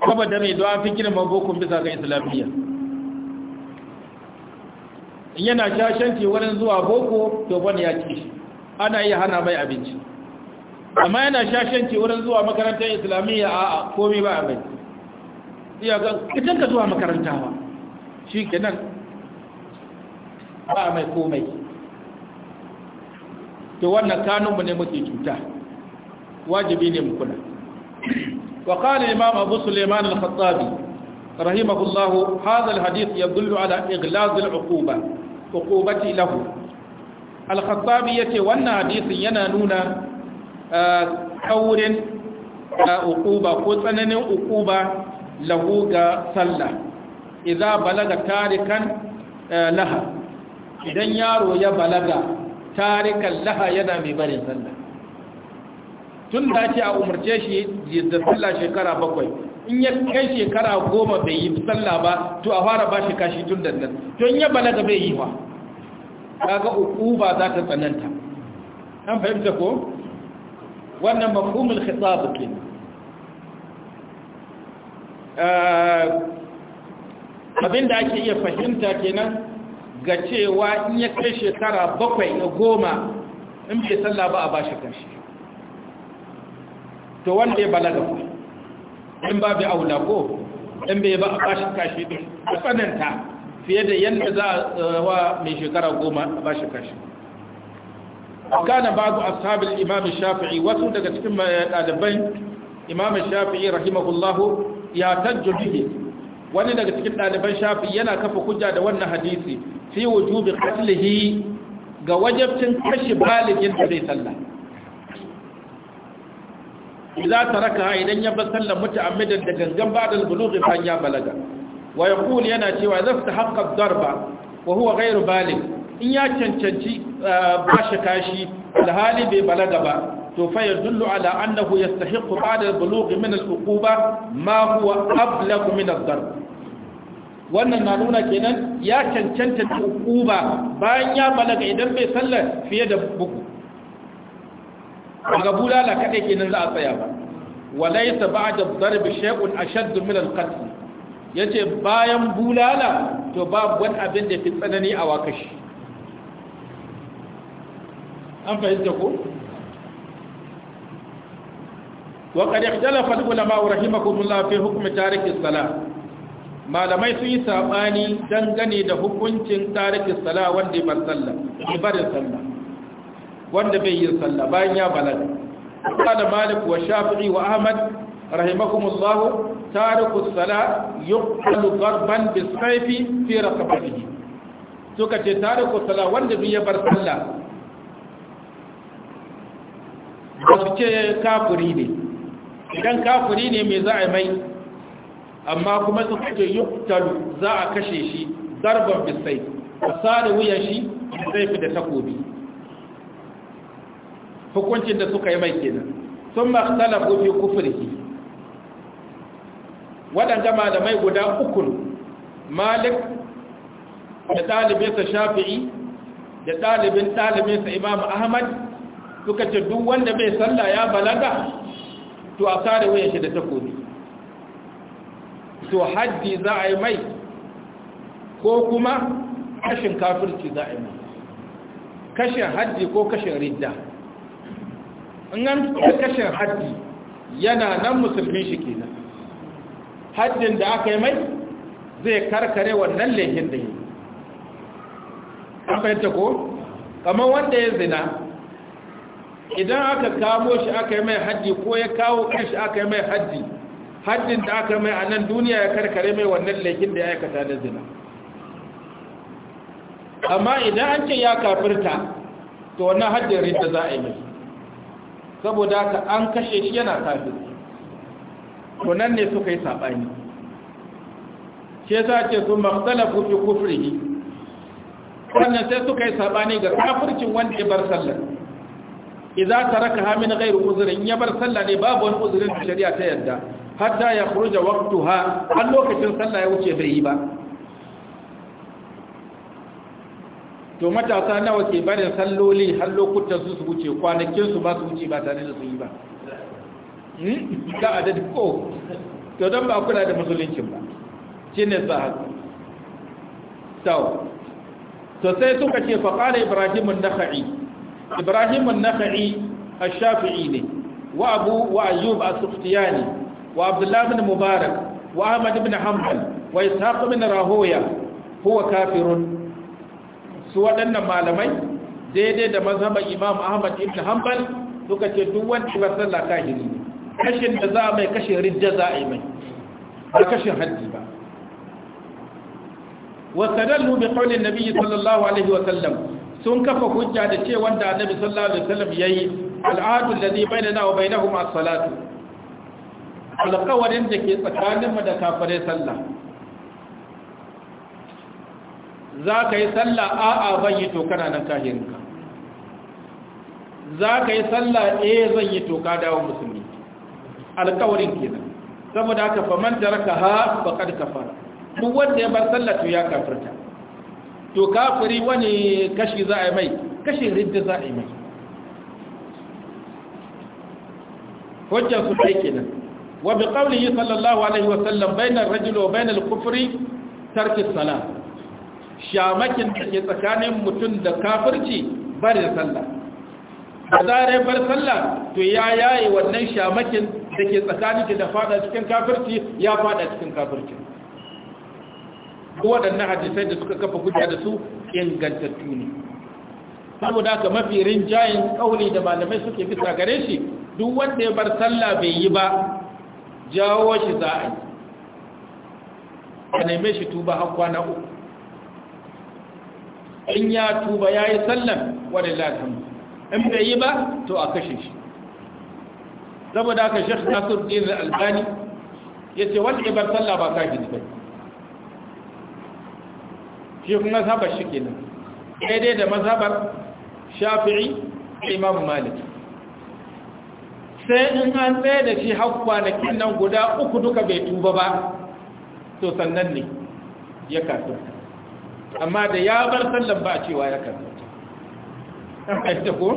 Speaker 1: kuma da mai don fi girma bokon bisa ga islamiyya in yana shashanci wurin zuwa boko to wani ya ci ana iya hana mai abinci amma yana shashanci wurin zuwa makarantar islamiyya a komi ba a mai iya ga ka zuwa makarantawa shi ke nan ba kanunmu ne muke cuta wajibi ne mukula wa kane imam abu suleiman al-fattabi rahimahullah هذا الحديث يدل على اغلاظ العقوبه عقوبتي له الخطابي yace wannan hadisin yana nuna kaurin uh, ukuba uh, ko tsananin عقوبه lahu ga sallah Iza balaga tarikan laha idan yaro ya balaga tarikan laha yana mai bari sallah tun da ce a umarce shi da sallah shekara bakwai in ya kai shekara goma bai yi sallah ba to a fara ba shi kashi tun da nan to in ya balaga bai yi wa kaga ba za ta tsananta an fahimta ko wannan mafhumul khitab ke abinda ake iya fahimta kenan ga cewa in ya kai shekara bakwai na goma in bai sallah ba a ba shi kanshi to wanda ya balaga ku in ba bi aula ko in bai ba a ba shi kashi din a tsananta fiye da yadda za a eh, wa mai shekara goma a ba shi kashi kana babu ashabul imam shafi'i wasu daga cikin eh, ɗaliban imam shafi'i rahimahullahu ya tajjo wani daga cikin ɗaliban shafi yana kafa hujja da wannan hadisi fi wujubi qatlihi ga wajabcin kashi baligin da zai sallah idza taraka idan ya bar mutu muta'ammidan da gangan ba'da al-bulughi ya balaga wa yana cewa zafta haqqa darba wa huwa ghayru balig in ya cancanci eh, shi kashi alhali bai balaga ba to fa yadullu ala annahu yastahiqqu ba'da al-bulughi min al-uquba ma huwa ablagh min ad-darb wannan na nuna kenan ya cancanta da hukuma bayan ya balaga idan bai sallar fiye da buku daga bulala kaɗai kenan za a tsaya ba Walai walaisa ba da zarbi shekun a shaddu milal katsi ya ce bayan bulala to ba wani abin da fi tsanani a wakashi an fahimta ko? وقد اختلف العلماء رحمكم الله في حكم تارك الصلاه malamai sun yi saɓani dangane da hukuncin tarikin Sallah wanda ya sallah ibarin sallah wanda bai yi sallah bayan ya balaga qala malik wa shafi'i wa ahmad rahimahumullah tariku sala yuqalu darban fi suka ce tariku wanda bar sallah ba su ce ne idan ne me za a mai amma kuma su kuke yuktalu za a kashe shi zarban bisai a sare wuyan shi zai fi da takobi hukuncin da suka yi mai kenan sun tsala gobe kufurki waɗanda malamai guda ukun malik da sa shafi'i da ɗalibin sa imam ahmad suka ce duk wanda mai sallah ya balaga to a sare wuyan shi da takobi to haddi za a yi mai ko kuma kashin kafirci za a yi mai kashin haddi ko kashin ridda in an kashin haddi yana nan musulmi shi kenan haddin da aka yi mai zai karkare wannan laifin da yi an fahimta ko kamar wanda ya zina idan aka kamo shi aka yi mai haddi ko ya kawo kashi aka yi mai haddi haddin da aka mai a nan duniya ya karkare mai wannan laifin da ya aikata na zina amma idan an ce ya kafirta to wannan haddin rinta za a yi mai saboda ka an kashe shi yana kafir to nan ne suka yi saɓani ce za ce su kufi fi yi wannan sai suka yi saɓani ga kafircin wanda ya bar sallar idan ta raka min gairu uzirin, ya bar sallah ne babu wani uzirin da shari'a ta yarda hatta ya waktu ha an lokacin sallah ya wuce bai yi ba to matasa nawa ke barin salloli har lokutan su su wuce kwanakin su ba su wuce ba tare da su yi ba hmm? ga adadi ko to don ba kuna da musuluncin ba shi ne sahabi sau to sai suka ce faƙara ibrahimun naka'i ibrahimun naka'i a shafi'i ne wa abu wa ayyub a suftiyani وعبد الله بن مبارك وأحمد بن حنبل وإسحاق بن راهويا هو كافر سوى أن معلمي daidai da mazhaban imam ahmad ibn hanbal suka ce duk wanda ba sallah kahiri ne kashin da za a mai kashin rijja za a yi mai ba kashin ba sun kafa hujja da ce da annabi sallallahu alaihi wa sallam yayi al'adu alladhi bainana wa bainahum as-salatu alƙawarin da ke tsakaninmu da kafare sallah za ka yi sallah a'a ban yi toka na nan kahirinka za ka yi sallah eh zan yi toka dawo musulmi alƙawarin kenan saboda aka faman taraka ha faqad kafara duk wanda ya bar sallah to ya kafirta to kafiri wani kashi za a yi mai kashi ridda za a yi mai hujjar su dai kenan wa bi qawlihi sallallahu alaihi wa sallam bainar rajuli wa bainal kufri tarki salat shamakin da ke tsakanin mutum da kafirci barin sallah da zarar bar sallah to ya yayi wannan shamakin da ke tsakanin da fada cikin kafirci ya fada cikin kafirci Ko waɗannan hadisai da suka kafa guda da su ingantattu ne saboda haka mafi rinjayen ƙauli da malamai suke bisa gare shi duk wanda ya bar sallah bai yi ba jawo shi za a yi a neme shi tuba har kwana uku in ya tuba ya yi sallan wani latin in bai yi ba to a kashe shi saboda aka shi nasu din albani ya ce wani ibar sallah ba kafin bai shi kuma mazhabar shi kenan daidai da mazhabar shafi'i imam maliki sai in an tsaye da shi har kwanakin nan guda uku duka bai tuba ba to sannan ne ya kafirta amma da ya bar sallan ba cewa ya kafirta an haifta ko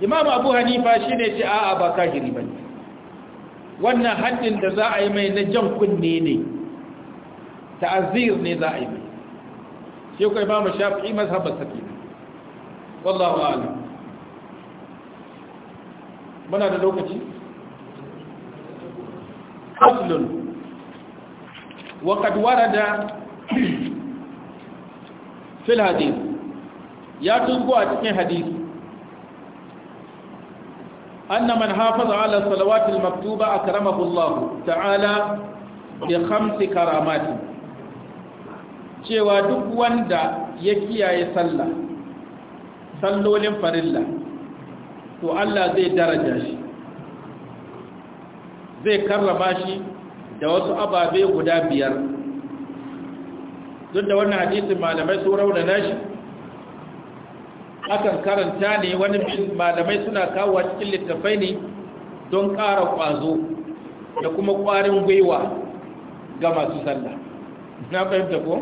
Speaker 1: imam abu hanifa shi ne ce a'a ba kahiri ba ne wannan haddin da za a yi mai na jan kunne ne ta'azir ne za a yi mai shi ko imam shafi'i mazhabar sakin wallahu a'lam muna da lokaci? aslun wakad warada fil ya tuzgo a cikin hadisi. anna man hafaza ala salawatul maktuba akramahullahu ta'ala bi khamsi karamati cewa duk wanda ya kiyaye sallah sallolin farilla to Allah zai daraja shi zai karrama shi da wasu ababe guda biyar duk da wannan hadisin malamai su rauna nashi akan karanta ne wani malamai suna kawo cikin littafai ne don ƙara ƙwazo da kuma ƙwarin gwiwa ga masu sallah na fahimta ko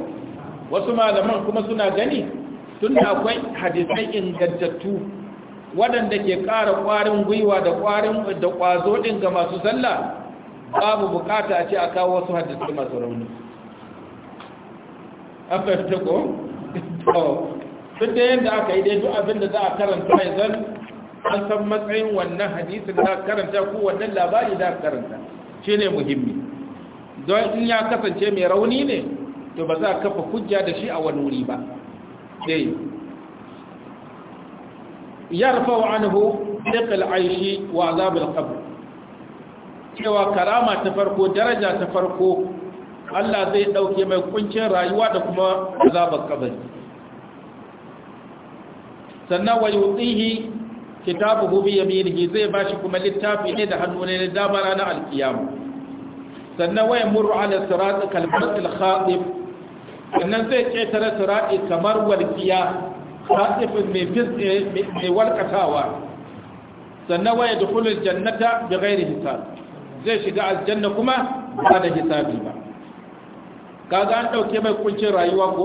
Speaker 1: wasu malaman kuma suna gani tun da akwai hadisai ingantattu waɗanda ke ƙara ƙwarin gwiwa da ƙwarin da ƙwazo ɗin ga masu sallah babu bukata a ce a kawo wasu hadisai masu rauni an fahimta ko? duk da yadda aka yi daidai abin da za a karanta mai zan an san matsayin wannan hadisin da karanta ko wannan labari da karanta shi ne muhimmi don in ya kasance mai rauni ne to ba za a kafa hujja da shi a wani wuri ba eh. yarfau anhu diqal aishi wa azabil qabr cewa karama ta farko daraja ta farko Allah zai dauke mai ƙuncin rayuwa da kuma azabar kabari sannan wa kitabu kitabuhu bi yaminihi zai bashi kuma littafi ne da hannu ne da ranar alkiyama sannan waya murru ala sirat kalbar al khatib sannan zai ketare sirati kamar walkiya fasifin mai fisɗe mai walkatawa sannan waya da kulun jannata da gairi hisab zai shiga aljanna kuma ba da hisabi ba kaga an ɗauke mai kuncin rayuwa ko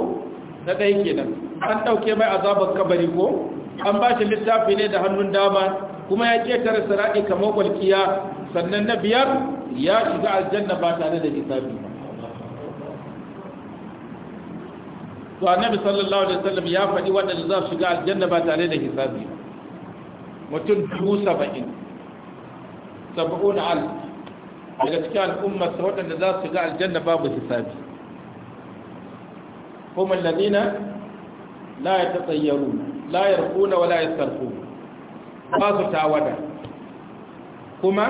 Speaker 1: na ɗaya kenan an ɗauke mai azabar kabari ko an ba shi littafi ne da hannun dama kuma ya ƙetare sara'i kamar walƙiya sannan na biyar ya shiga aljanna ba tare da hisabi ba to annabi sallallahu alaihi wasallam ya faɗi waɗanda za su shiga aljanna ba tare da hisabi mutum dubu saba'in saba'un al daga cikin al'umma sa waɗanda za su shiga aljanna babu hisabi kuma ladina la ya tsayyaru la ya rukuna wa la ya sarfu ba su tawada kuma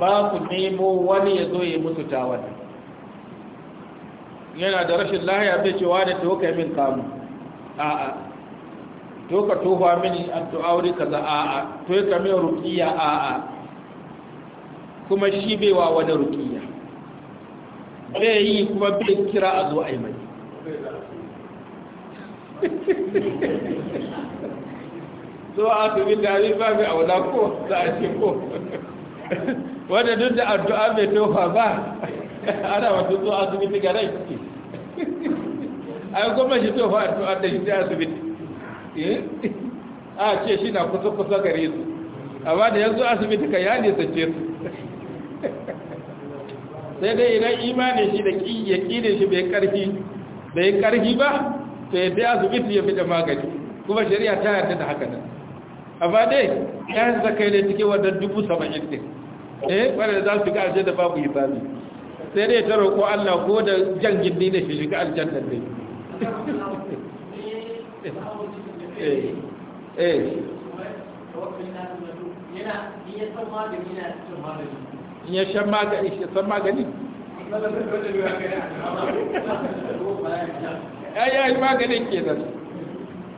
Speaker 1: ba su nemo wani ya zo ya musu tawada yana da rashin lahiya bai cewa da to kai min kamu a'a to ka tofa mini an to aure kaza a'a to ka min rukiya. a'a kuma shi bai wa wani rukiya. bai yi kuma bai kira a zo a yi mai so a su bi dari ba mai aula ko za a ce ko wanda duk da addu'a mai tofa ba ana wasu zuwa asibiti ga rai suke ayi goma gwamnati to fa to an da shi sai asibiti eh? a ce shi na kusa kusa gare su amma da yanzu asibiti ka ya ne sace su sai dai idan imanin shi da ya da shi bai karfi bai karfi ba to ya bi asibiti ya fi da magani kuma shari'a ta yarda da haka nan amma dai ya zaka ne cikin wadda dubu saba'in din eh wanda za su ga aje da babu hisabi sai dai ta roƙo Allah ko da jan gindi da shi shiga aljanna ne
Speaker 2: eh, eh.
Speaker 1: ya shan magani shi san magani yi ai maganin ke da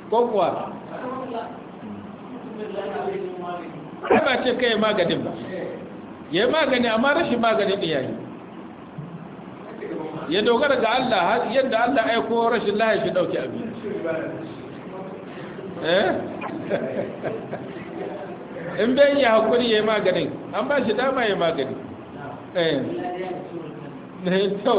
Speaker 1: ko kuwa
Speaker 2: ba ce kai maganin ba
Speaker 1: yi magani amma rashin maganin ne yayi
Speaker 2: ya dogara ga Allah yadda Allah ya aiko rashin lahi shi dauki abin eh in bai yi hakuri ya
Speaker 1: maganin an ba shi dama ya magani eh ne to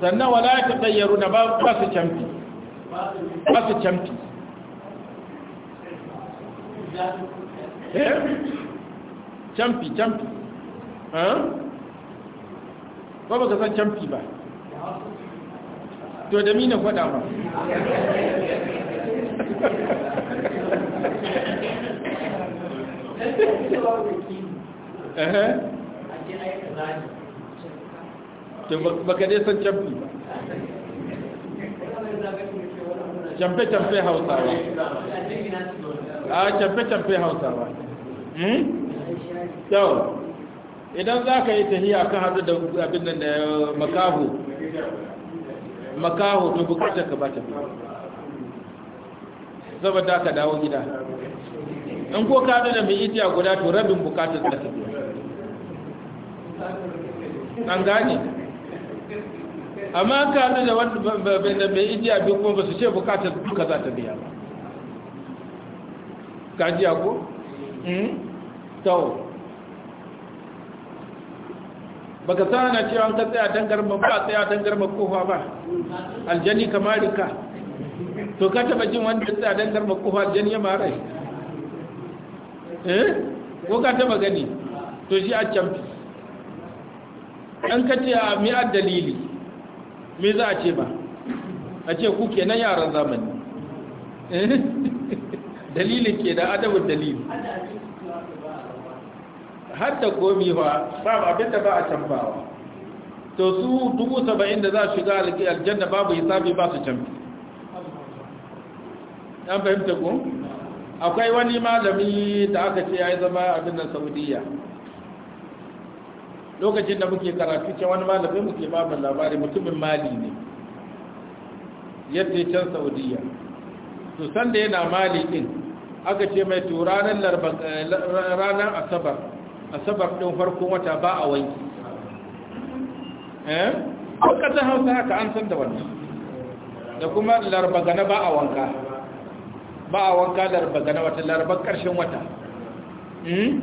Speaker 1: sannan wala ta tsayyaru na ba su camfi
Speaker 2: ba su camfi Eh?
Speaker 1: camfi camfi ba ba ka san ba to da mina faɗa ba to ba dai san camfi
Speaker 2: ba camfe-camfe hausawa a camfe-camfe
Speaker 1: hausawa hmm? yau idan za ka yi tahiya kan hadu da abin nan da makaho
Speaker 2: makahu to bukatar ka ba ta biyu
Speaker 1: saboda ka dawo gida
Speaker 2: in ko ka da mai itiya guda to
Speaker 1: rabin bukatar da ta biya
Speaker 2: an gane amma
Speaker 1: ka da wanda mai itiya biyu kuma ba su ce bukatar duka za ta biya ba gajiya ko? Hmm? tau baka sana cewa ka tsaya dangar ba ba tsaya dangar ba kofa ba aljani kamalika to ka taba jin wanda tsaya dangar ba kofa aljani ya mara eh ko ka taba gani to shi a champi an ka ce a mi'ar dalili me za a ce ba a ce ku kenan yaran zamani eh? dalilin ke da adabin dalili har da komi ba babu abin da ba a canbawa to su dubu saba'in da za a shiga aljanna babu hisabi ba su canbi an fahimta ku akwai wani malami da aka ce ya yi zama abin nan saudiya lokacin da muke karatu ce wani malamin muke babin labari mutumin mali ne yadda can saudiya to sanda yana mali din aka ce mai to eh, ranar asabar asabar ɗin farkon wata ba a wanki eh ƙasar hausa haka an san da wannan da kuma larbagana ba a wanka ba a wanka larbagana wata larbar ƙarshen wata hmm?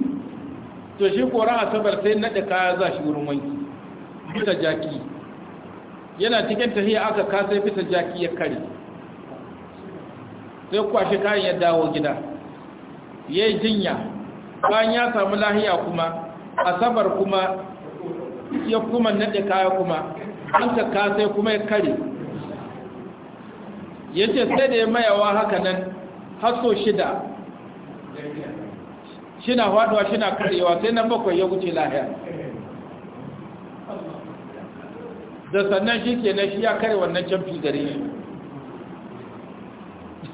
Speaker 1: to shi koran asabar sai naɗe kaya za shi wurin wanki bisa jaki yana cikin tafiya aka kasai bisa jaki ya kare sai kwashe kayan ya dawo gida ya yi jinya bayan ya samu lahiya kuma asabar kuma ya kuma naɗe kaya kuma an ka sai kuma ya kare ya ce sai da ya mayawa haka nan haso shida shina shi shina karewa sai na bakwai ya wuce lahiya da sannan shi ke na shi ya kare wannan camfi gare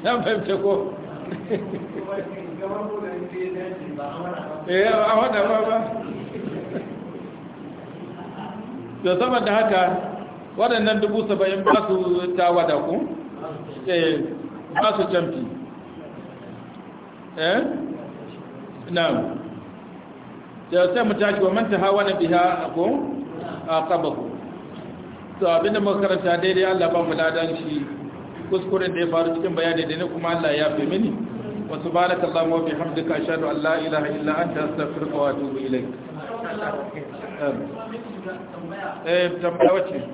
Speaker 1: ya fahimce ko
Speaker 2: Eh, a sama ba ba da haka
Speaker 1: waɗannan dubu saba'in ba su tawada ku eh, ba su camfi eh na da sai mu tashi wa manta hawa na biya ko a kaba ku to abinda makaranta daidai allah ba mu ladan shi kuskuren da ya faru cikin bayani da ne kuma allah ya fi mini wa subhanaka allahumma wa bihamdika ashhadu an la ilaha illa anta astaghfiruka wa atubu ilaik
Speaker 2: eh tambaya wace yaki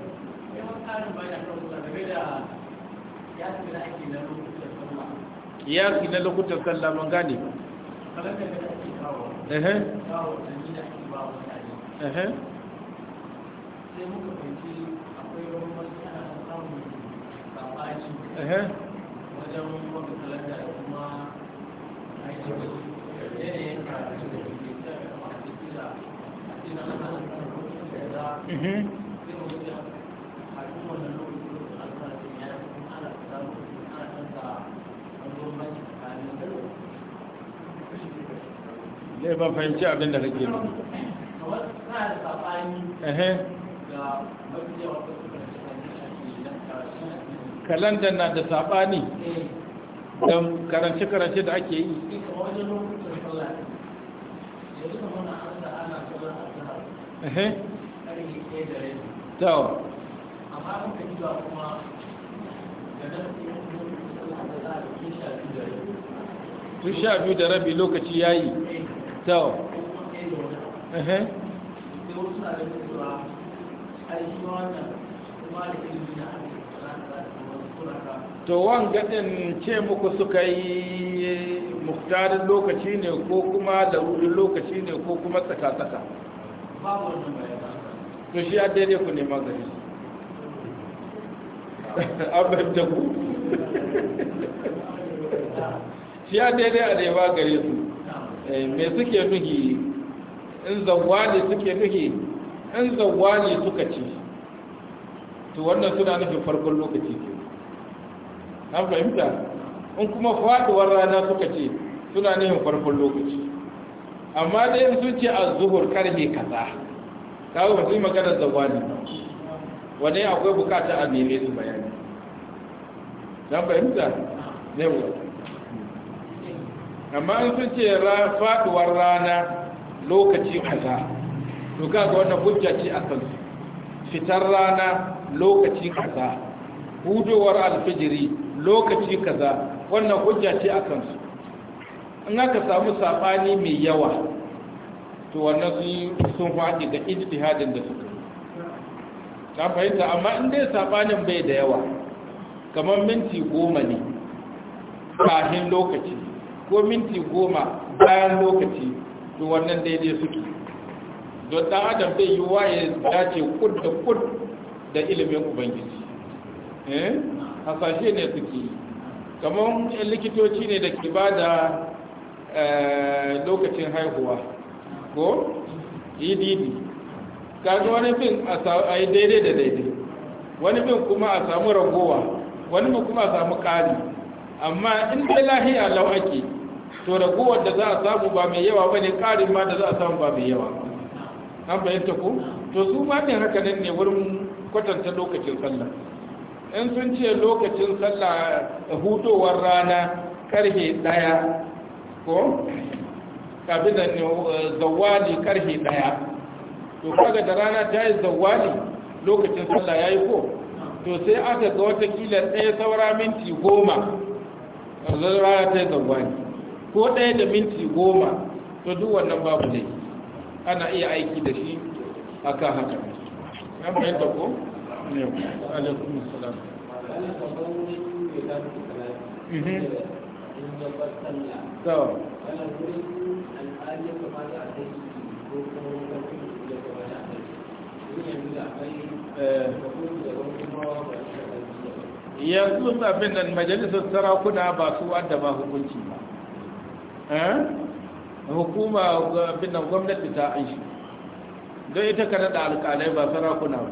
Speaker 2: na lokutan ba ehe ehe sai akwai wasu samun wajen Mm-hmm. ne fahimci abin da kake
Speaker 1: kalandar na da saɓani eh. don karance-karance da ake yi tun sha biyu da rabi lokaci ya yi tau to wanga din ce muku suka yi muktarin lokaci ne ko kuma larurin lokaci ne ko kuma tsaka-tsaka to shi ya daidai ku ne gari abin da ku shi ya daidai a nema gari su eh, mai suke nuhi in zauwa ne suke nuhi in zauwa ne suka ci to wannan suna nufin farkon lokaci ke an fahimta in kuma faduwar rana suka ce suna nihin farkon lokaci amma da yin sun ce a zuhur karfe kaza kawo ba su yi maganar zawani ba wane akwai bukata a neme su bayani don fahimta ne wa amma in sun ce faduwar rana lokaci kaza to kaga wannan hujja ce a kansu fitar rana lokaci kaza hudowar alfijiri lokaci kaza wannan hujja ce a kansu in aka samu saɓani mai yawa to wannan sun faɗi da ijtihadin da suka ta fahimta amma in dai saɓanin bai da yawa kamar minti goma ne kafin lokaci ko minti goma bayan lokaci to wannan daidai suke don ɗan adam bai yi waye dace kud da kud da ilimin ubangiji Eh? hasashe ne suke kamar likitoci ne da ke ba da eh, lokacin haihuwa ko edd kaji wani fin a yi daidai da daidai wani fin kuma a samu ragowa wani kuma a samu ƙari amma in dai lahiya lau ake to ragowar da za a samu ba mai yawa ba ne ƙarin ma da za a samu ba mai yawa an fahimta ku to su ma ne haka nan ne wurin kwatanta lokacin sallah in sun ce lokacin sallah hutowar rana karhe daya ko kafin da eh, zawali karhe daya to kaga da rana ta yi zawali lokacin sallah ya yi ko to sai aka ga watakila ɗaya saura minti goma ƙarzar rana ta yi zawali ko ɗaya da minti goma to duk wannan babu ne ana iya aiki da shi akan haka ko alaikum yanzu abin da majalisar sarakuna ba su wadda ba hukunci ba eh? hukuma abin nan gwamnati ta an don ita ka naɗa alƙalai ba sarakuna ba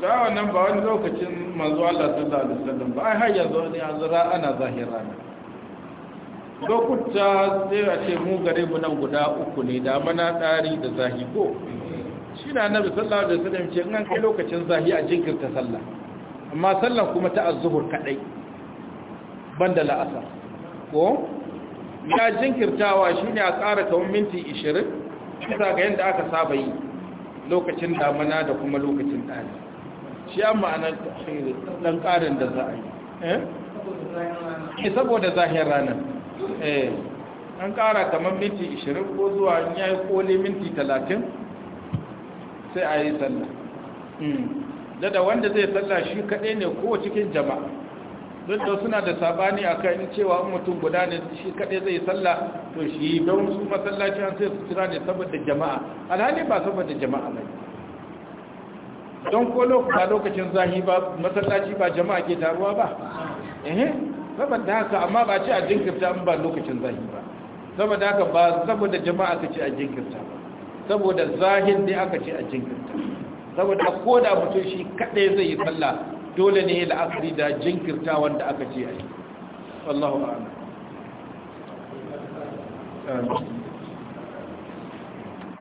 Speaker 1: za wannan ba wani lokacin manzo Allah sallallahu alaihi wasallam ba ai har yanzu ne zura ana zahira ne lokuta sai a ce mu gare mu nan guda uku ne da mana tsari da zahi ko shi na nabi sallallahu alaihi wasallam ce in an kai lokacin zahi a jinkirta sallah amma sallah kuma ta azhur kadai banda la'asar ko ya jinkirtawa shine a tsara kawun minti 20 bisa ga yanda aka saba yi lokacin damana da kuma lokacin ɗari shi ya ma'ana ɗan ƙarin da za a yi eh? Eh, saboda zahiyar ranar eh, an ƙara kamar minti 20 ko zuwa ya yi koli minti 30 sai a yi sallah hmm. da wanda zai sallah shi kaɗai ne ko cikin jama'a don da suna da sabani a kan cewa an mutum guda ne shi kaɗai zai sallah to shi don su masallaci an sai su kira ne saboda jama'a alhali ba saboda jama'a ba don ko lokuta lokacin zahi ba masallaci ba jama'a ke taruwa ba ehe saboda haka amma ba ce a jinkirta an ba lokacin zahi ba saboda haka ba saboda jama'a ka ce a jinkirta ba saboda zahin ne aka ce a jinkirta saboda ko da mutum shi kaɗai zai yi sallah dole ne la'akari da jinkirta wanda aka ce a
Speaker 2: yi